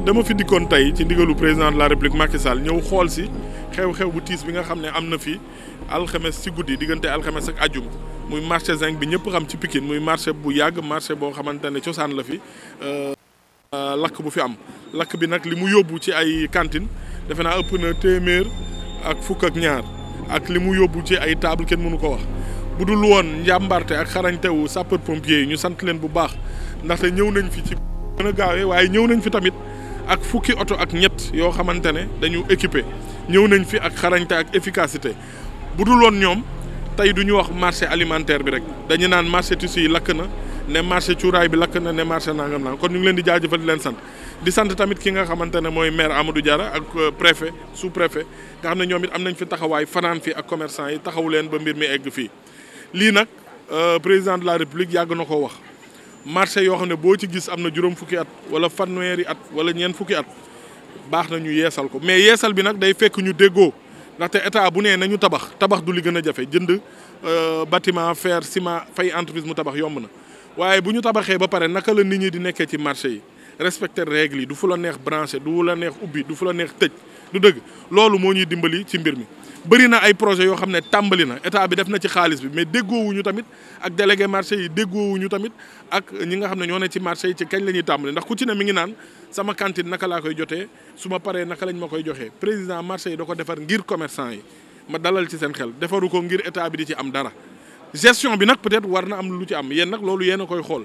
dama fi dikkoon tey ci ndigalu président de la république Macky Sall ñëw xool si xew-xew bu tiis bi nga xam ne am na fi alxemes ci guddi diggante alxames ak ajum muy marché zinc bi ñëpp xam ci Pikine muy marché bu yàgg marché boo xamante ne cosaan la fi euh, euh, lakk bu fi am lakk bi nag li mu yóbbu ci ay cantine defe naa ëpp na téeméer ak fukk ak ñaar ak li mu yóbbu ci ay table kenn mënu ko wax bu dul woon njàmbarte ak xarañtewu sapeur pompier yi ñu sant leen bu baax ndaxte ñëw nañ fi ci gën a waaye ñëw nañ fi tamit ak fukki oto ak ñett yoo xamante ne dañu équipé ñëw nañ fi ak xarañte ak efficacité bu dul woon ñoom tey du ñu wax marché alimentaire bi rek dañu naan marché tissu yi lakk na ne marché cuuraay bi lakk na ne marché nangam nangam kon ñu ngi leen di jaajëfal di leen sant di sant tamit ki nga xamante ne mooy maire Amadou Diarra ak euh, préfet sous préfet nga xam ne ñoom it am nañ fi taxawaay fanaan fii ak commerçant yi taxawu leen ba mbir mi egg fii lii nag euh, président de la république yàgg na koo wax. marché yoo xam ne boo ci gis am na juróom fukki at wala fanweeri at wala ñeent fukki at baax na ñu yeesal ko mais yeesal bi nag day fekk ñu déggoo ndaxte état bu nee nañu tabax tabax du li gën a jafe jënd euh, bâtiment fer ciment fay entreprise mu tabax yomb na waaye bu ñu tabaxee ba pare naka la nit ñi di nekkee ci marché yi. respecter règles yi du fu la neex branché du la neex ubbi du fu la neex tëj du dëgg loolu moo ñuy dimbali ci mbir mi. bëri na ay projet yoo xam ne tàmbali na état bi def na ci xaalis bi mais déggoowuñu tamit ak délégué marché yi déggoowuñu tamit ak ñi nga xam ne ñoo ne ci marché yi ci kañ la ñuy tàmbali ndax ku ci ne mi ngi naan sama cantine naka laa koy jotee su ma paree naka lañ ma koy joxee président marché yi da ko defar ngir commerçant yi ma dalal ci seen xel defaru ko ngir état bi di ci am dara. gestion bi nag peut-être war na am lu ci am yéen nag loolu yéen a koy xool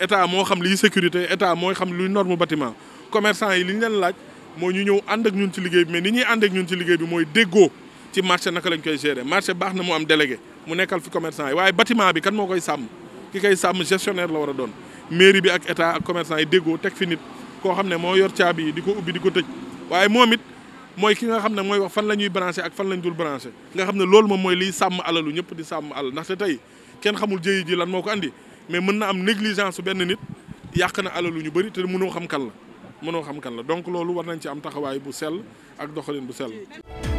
état moo xam liy sécurité état mooy xam luy norme batiment commerçant yi li ñu leen laaj moo ñu ñëw ànd ak ñun ci liggéey bi mais ni ñuy ànd ak ñun ci liggéey bi mooy déggoo ci marché naka lañ koy gérer marché baax na mu am délégué mu nekkal fi commerçant yi waaye bâtiment bi kan moo koy sàmm ki koy sàmm gestionnaire la war a doon mairie bi ak état ak commerçant yi déggoo teg fi nit koo xam ne moo yor caabi yi di ko ubbi di ko tëj waaye moom it mooy ki nga xam ne mooy fan la ñuy branché ak fan lañ dul branché nga xam ne loolu moom mooy liy sàmm alalu ñëpp di sàmm alal ndaxte tey kenn xamul jëyi ji lan moo ko andi mais mën na am négligence su benn nit yàq na alalu ñu bëri te mënoo xam kan la mënoo xam kan la donc loolu war nañ ci am taxawaay bu sell ak doxalin bu sell.